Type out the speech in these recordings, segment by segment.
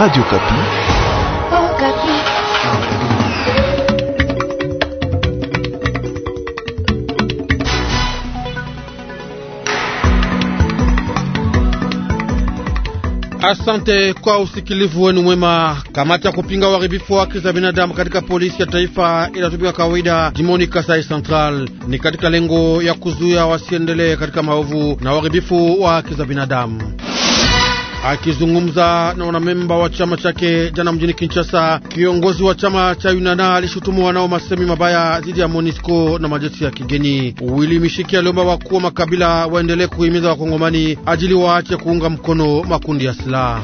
Radio Kapi. Oh, Kapi. Asante kwa usikilivu wenu mwema. Kamati ya kupinga uharibifu wa haki za binadamu katika polisi ya taifa inatumika kawaida jimoni Kasai Central, ni katika lengo ya kuzuia wasiendelee katika maovu na uharibifu wa haki za binadamu. Akizungumza na wanamemba wa chama chake jana mjini Kinshasa, kiongozi wa chama cha Yunana alishutumu wanao masemi mabaya dhidi ya Monisco na majeshi ya kigeni. Wili Mishiki aliomba wakuu wa makabila waendelee kuhimiza wakongomani ajili waache kuunga mkono makundi ya silaha.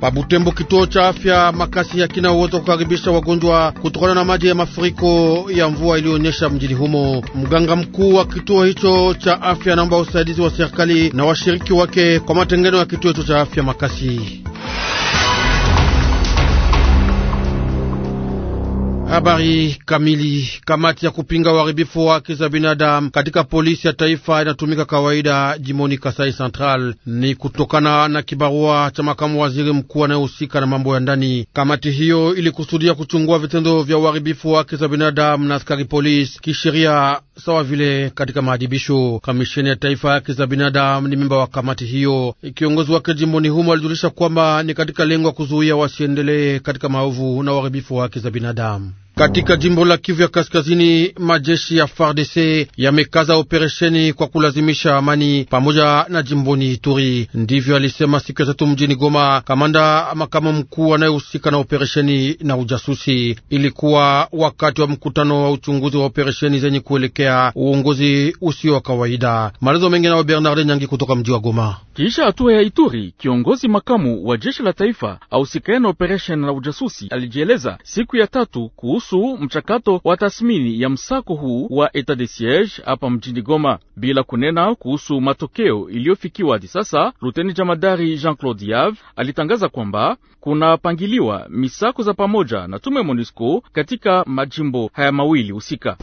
Pabutembo, kituo cha afya Makasi hakina uwezo kukaribisha wagonjwa kutokana na maji ya mafuriko ya mvua iliyoonyesha mjini humo. Mganga mkuu wa kituo hicho cha afya anaomba usaidizi wa serikali na washiriki wake kwa matengeno ya kituo hicho cha afya Makasi. Habari kamili. Kamati ya kupinga uharibifu wa haki za binadamu katika polisi ya taifa inatumika kawaida jimoni Kasai Central. Ni kutokana na kibarua cha makamu waziri mkuu anayehusika na mambo ya ndani. Kamati hiyo ilikusudia kuchungua vitendo vya uharibifu wa haki za binadamu na askari polisi kisheria, sawa vile katika maadibisho. Kamisheni ya taifa ya haki za binadamu ni memba wa kamati hiyo. Kiongozi wake jimoni humo alijulisha kwamba ni katika lengo ya kuzuia wasiendelee katika maovu na uharibifu wa haki za binadamu. Katika jimbo la Kivu ya Kaskazini, majeshi ya FARDC yamekaza operesheni kwa kulazimisha amani pamoja na jimboni Ituri. Ndivyo alisema siku ya tatu mjini Goma kamanda makamu mkuu anayehusika na operesheni na ujasusi. Ilikuwa wakati wa mkutano wa uchunguzi wa operesheni zenye kuelekea uongozi usio wa kawaida. Maelezo mengi nayo Bernard Nyangi kutoka mji wa Goma. Kisha hatua ya Ituri, kiongozi makamu wa jeshi la taifa ahusikaye na operesheni na ujasusi alijieleza siku ya tatu kuhusu kuhusu mchakato wa tathmini ya msako huu wa etat de siege hapa mjini Goma, bila kunena kuhusu matokeo iliyofikiwa hadi sasa. Luteni jamadari Jean-Claude Yave alitangaza kwamba kunapangiliwa misako za pamoja na tume MONUSCO katika majimbo haya mawili husika.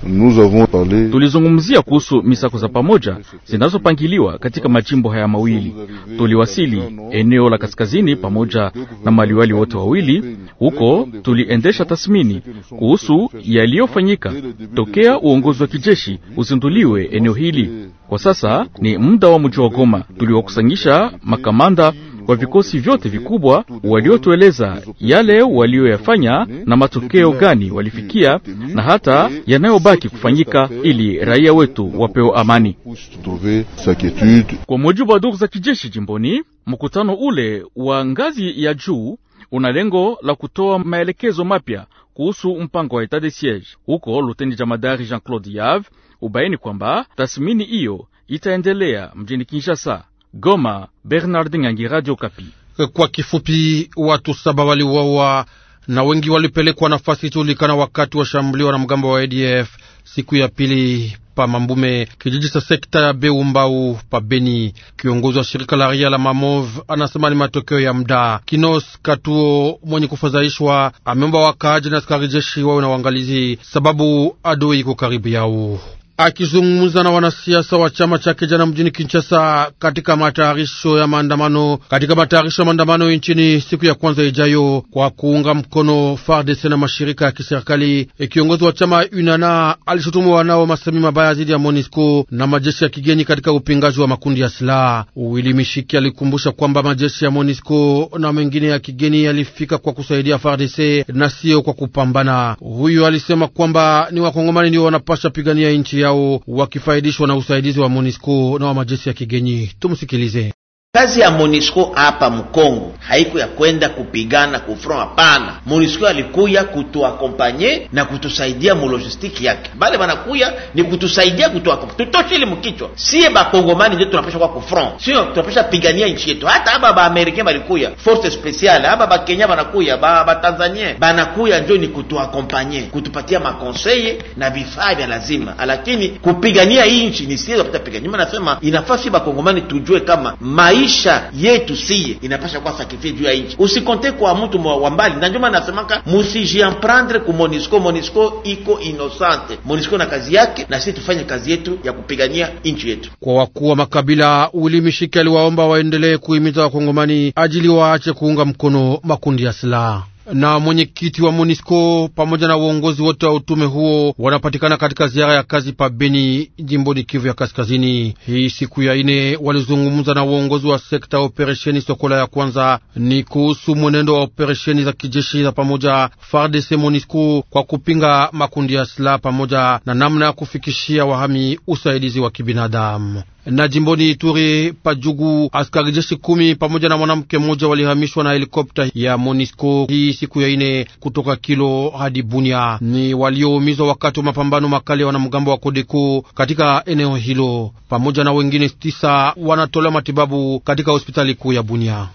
Tulizungumzia kuhusu misako za pamoja zinazopangiliwa katika majimbo haya mawili. Tuliwasili eneo la kaskazini pamoja na maliwali wote wawili. Huko tuliendesha tathmini kuhusu kuhusu yaliyofanyika tokea uongozi wa kijeshi uzinduliwe eneo hili. Kwa sasa ni muda wa mji wa Goma. Tuliwakusanyisha makamanda wa vikosi vyote vikubwa waliotueleza yale walioyafanya na matokeo gani walifikia na hata yanayobaki kufanyika ili raia wetu wapewe amani. Kwa mujibu wa duru za kijeshi jimboni, mkutano ule wa ngazi ya juu una lengo la kutoa maelekezo mapya kuhusu mpango wa etat de siege. Huko luteni jamadari Jean-Claude Yave ubaini kwamba tasimini hiyo itaendelea mjini Kinshasa. Goma, Bernard Nyangi, Radio Kapi. Kwa kifupi, watu saba waliuawa na wengi walipelekwa nafasi ijulikana wakati wa shambulio na mgambo wa ADF siku ya pili pa Mambume, kijiji cha sekta ya Beumbau pa Beni. Kiongozi wa shirika la ria la Mamov anasema ni matokeo ya muda. Kinos Katuo mwenye kufadhaishwa ameomba wakaaji na askari jeshi wawe na uangalizi, sababu adui iko karibu yao. Akizungumza na wanasiasa wa chama chake jana mjini Kinshasa katika matayarisho ya maandamano katika matayarisho ya maandamano nchini siku ya kwanza ijayo kwa kuunga mkono FARDC na mashirika ya kiserikali, kiongozi wa chama UNANA alishutumu wanao masemi mabaya dhidi ya MONUSCO na majeshi ya kigeni katika upingaji wa makundi ya silaha. Willy Mishiki alikumbusha kwamba majeshi ya MONUSCO na mengine ya kigeni yalifika kwa kusaidia FARDC na sio kwa kupambana. Huyo alisema kwamba ni wakongomani ndio wanapasha pigania nchi yao wakifaidishwa na usaidizi wa MONUSCO na wa majeshi ya kigeni. Tumsikilize. Kazi ya MONUSCO hapa Mkongo haiku ya kwenda kupigana kufront, hapana. MONUSCO alikuya kutuakompanye na kutusaidia mulojistiki yake, bale banakuya ni kutusaidia kutuakompanye, tutoshe ile mkichwa. Sie bakongomani ndio tunapasha kwa kufront, sio tunapasha pigania nchi yetu. Hata aba baamerikani balikuya force speciale aba bakenya banakuya, ba batanzania banakuya, njo ni kutuakompanye, kutupatia makonseye na vifaa vya lazima, lakini kupigania hii nchi ni sie tunapata pigania. Mimi nasema inafaa si bakongomani tujue kama mai maisha yetu siye inapasha kuwa sakrifie juu ya nchi, usikonte kwa mtu wa mbali. Na ndio maana nasemaka musijiamprendre ku Monisco. Monisco iko inosante, Monisco na kazi yake, na sisi tufanye kazi yetu ya kupigania nchi yetu. Kwa wakuu wa makabila ulimishikali waomba waendelee kuhimiza wakongomani ajili waache kuunga mkono makundi ya silaha na mwenyekiti wa MONISCO pamoja na uongozi wote wa utume huo wanapatikana katika ziara ya kazi pa Beni, jimboni Kivu ya Kaskazini. Hii siku ya ine walizungumza na uongozi wa sekta ya operesheni Sokola ya kwanza, ni kuhusu mwenendo wa operesheni za kijeshi za pamoja FARDC MONISCO kwa kupinga makundi ya silaha pamoja na namna ya kufikishia wahami usaidizi wa kibinadamu. Na jimboni Ituri pajugu askari jeshi kumi pamoja na mwanamke mmoja walihamishwa na helikopta ya Monisco hii siku ya ine kutoka Kilo hadi Bunia. Ni walioumizwa wakati wa mapambano makali ya wanamgambo wa Kodeko katika eneo hilo, pamoja na wengine tisa wanatolewa matibabu katika hospitali kuu ya Bunia.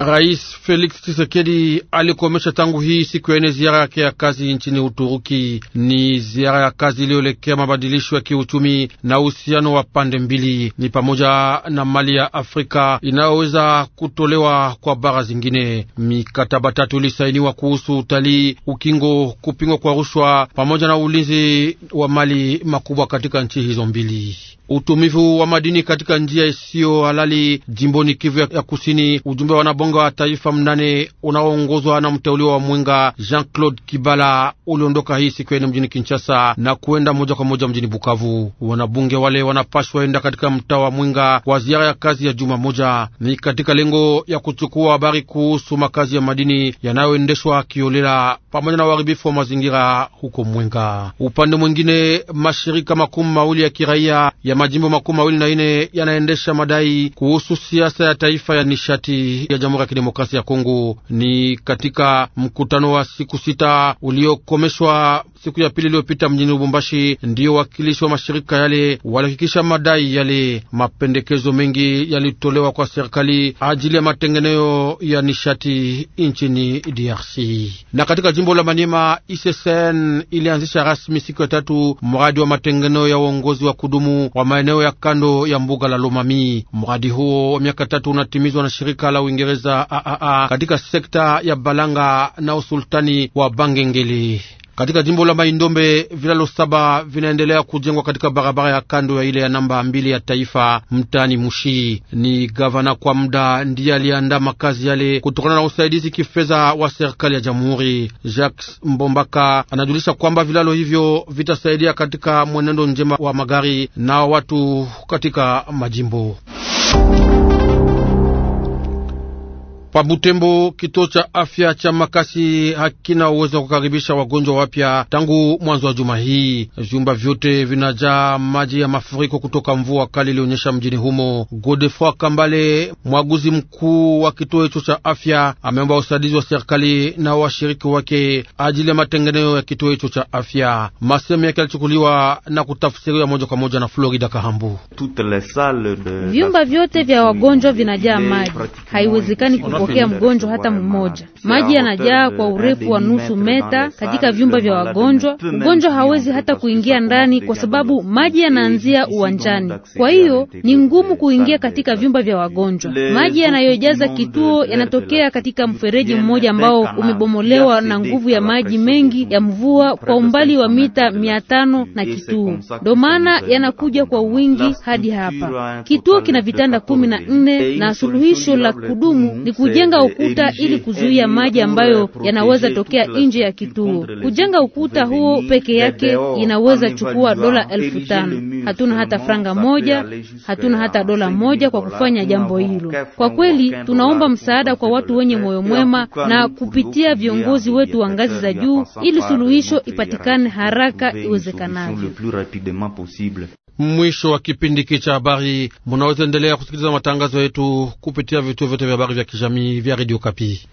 Rais Felix Tshisekedi alikomesha tangu hii siku ya ine ziara yake ya kazi nchini Uturuki. Ni ziara ya kazi iliyolekea mabadilisho ya kiuchumi na uhusiano wa pande mbili, ni pamoja na mali ya Afrika inayoweza kutolewa kwa bara zingine. Mikataba tatu ilisainiwa kuhusu utalii, ukingo, kupingwa kwa rushwa pamoja na ulinzi wa mali makubwa katika nchi hizo mbili. Utumivu wa madini katika njia isiyo halali jimboni Kivu ya kusini, ujumbe wa mwanga wa taifa mnane unaoongozwa na mteuliwa wa Mwenga Jean-Claude Kibala uliondoka hii siku ya mjini Kinshasa na kuenda moja kwa moja mjini Bukavu. Wanabunge wale wanapashwa enda katika mtaa wa Mwenga kwa ziara ya kazi ya juma moja, ni katika lengo ya kuchukua habari kuhusu makazi ya madini yanayoendeshwa kiolela pamoja na uharibifu wa mazingira huko Mwenga. Upande mwingine, mashirika makumi mawili ya kiraia ya majimbo makumi mawili na ine yanaendesha madai kuhusu siasa ya taifa ya nishati ya jamu Jamhuri ya Kidemokrasia ya Kongo ni katika mkutano wa siku sita uliokomeshwa siku ya pili iliyopita mjini Lubumbashi. Ndiyo wakilishi wa mashirika yale walihakikisha madai yale. Mapendekezo mengi yalitolewa kwa serikali ajili ya matengeneo ya nishati nchini DRC. Na katika jimbo la Manyema, ISSN ilianzisha rasmi siku ya tatu mradi wa matengeneo ya uongozi wa kudumu wa maeneo ya kando ya mbuga la Lomami. Mradi huo wa miaka tatu unatimizwa na shirika la Uingereza za AAA katika sekta ya Balanga na usultani wa Bangengeli. Katika jimbo la Maindombe, vilalo saba vinaendelea kujengwa katika barabara ya kando ya ile ya namba mbili ya taifa mtani Mushi. Ni gavana kwa muda ndiye aliandaa makazi yale kutokana na usaidizi kifedha wa serikali ya jamhuri. Jacques Mbombaka anajulisha kwamba vilalo hivyo vitasaidia katika mwenendo njema wa magari na watu katika majimbo Pa Butembo, kituo cha afya cha Makasi hakina uwezo wa kukaribisha wagonjwa wapya tangu mwanzo wa juma hii. Vyumba vyote vinajaa maji ya mafuriko kutoka mvua kali ilionyesha mjini humo. Godefroi Kambale, mwaguzi mkuu wa kituo hicho cha afya, ameomba usaidizi wa serikali na washiriki wake ajili ya matengenezo ya kituo hicho cha afya. Masemo yake yalichukuliwa na kutafsiriwa moja kwa moja na Florida Kahambu. Vyumba vyote vya wagonjwa vinajaa maji haiwezekani kupokea mgonjwa hata mmoja. Maji yanajaa kwa eh, urefu wa nusu meta katika vyumba vya wagonjwa. Mgonjwa hawezi hata kuingia ndani kwa sababu maji yanaanzia uwanjani, kwa hiyo ni ngumu kuingia katika vyumba vya wagonjwa. Maji yanayojaza kituo yanatokea katika mfereji mmoja ambao umebomolewa na nguvu ya maji mengi ya mvua kwa umbali wa mita mia tano na kituo, ndo maana yanakuja kwa wingi hadi hapa. Kituo kina vitanda kumi na nne na suluhisho la kudumu ni kujenga ukuta ili kuzuia maji ambayo yanaweza tokea nje ya kituo. Kujenga ukuta huo peke yake inaweza chukua dola elfu tano. Hatuna hata franga moja, hatuna hata dola moja kwa kufanya jambo hilo. Kwa kweli, tunaomba msaada kwa watu wenye moyo mwema na kupitia viongozi wetu wa ngazi za juu ili suluhisho ipatikane haraka iwezekanavyo. Mwisho wa kipindi hiki cha habari, munaweza endelea kusikiliza matangazo yetu kupitia vituo vyote vya habari vya kijamii vya Radio Kapi.